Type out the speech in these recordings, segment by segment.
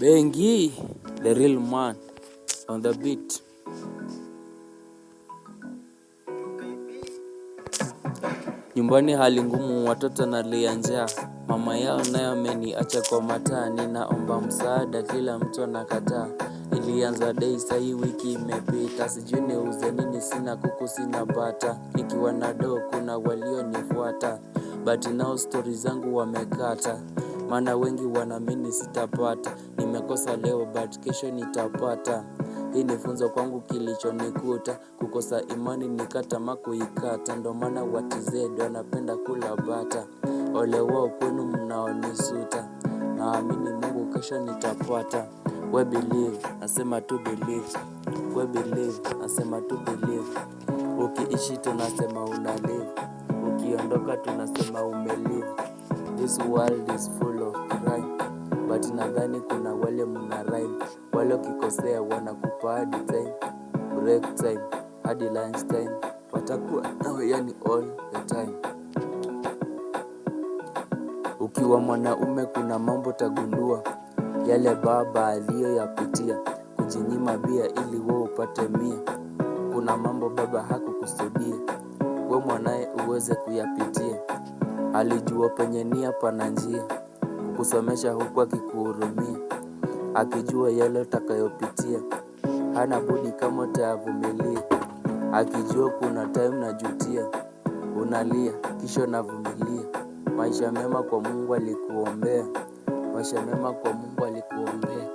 Bengi, the real man on the beat. Nyumbani hali ngumu, watoto nalia njaa, mama yao nayo ameniacha kwa mataa. Ninaomba msaada, kila mtu anakataa. Ilianza dei, sahi wiki imepita, sijui niuze nini, sina kuku, sina bata. Nikiwa na doo, kuna walionifuata but nao stori zangu wamekata maana wengi wanaamini sitapata, nimekosa leo but kesho nitapata. Hii ni funzo kwangu kilichonikuta, kukosa imani nikatama kuikata, ndo maana watizedi wanapenda kula bata. Ole wao kwenu mnaonisuta, naamini Mungu kesho nitapata. We believe, nasema tu believe. We believe, nasema tu believe. Ukiishi tunasema unalive ukiondoka tunasema umelive. This world is full But nadhani kuna wale mna rhyme, wale ukikosea wanakupa hadi time, break time hadi lunch time, watakuwa nawe oh, yani all the time. Ukiwa mwanaume kuna mambo tagundua, yale baba aliyoyapitia, kujinyima bia ili wo upate mia. Kuna mambo baba hakukusudia, we mwanaye uweze kuyapitia, alijua penye nia pana njia kusomesha huku akikuhurumia, akijua yale utakayopitia. Hana budi kama utayavumilia, akijua kuna time najutia, unalia kisha unavumilia. Maisha mema kwa Mungu alikuombea, maisha mema kwa Mungu alikuombea,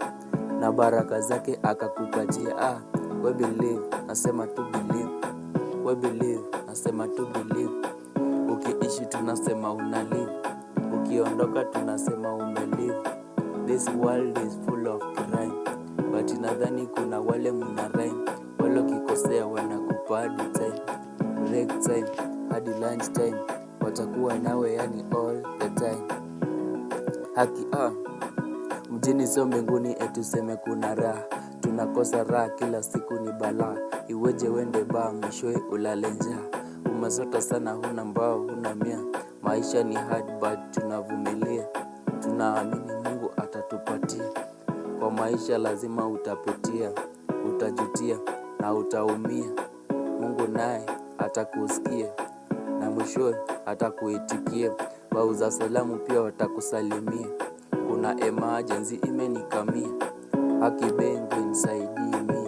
na baraka zake akakupatia. Ah, we believe, nasema tu believe, we believe, nasema tu believe. Ukiishi tunasema unalive ukiondoka tunasema umelive. This world is full of crime, but nadhani kuna wale mna rain wale ukikosea wanakupa hadi time, break time hadi lunch time, watakuwa nawe yani all the time. Haki ah, mjini sio mbinguni, etuseme kuna raha, tunakosa raha, kila siku ni balaa, iweje wende baa, mwishowe ulale njaa umezota sana, huna mbao, huna mia. Maisha ni hard but tunavumilia, tunaamini Mungu atatupatia. Kwa maisha lazima utapitia, utajutia na utaumia. Mungu naye atakusikia na mwishoe atakuitikia. Wauza salamu pia watakusalimia. Kuna emergency imenikamia, haki benki nisaidie.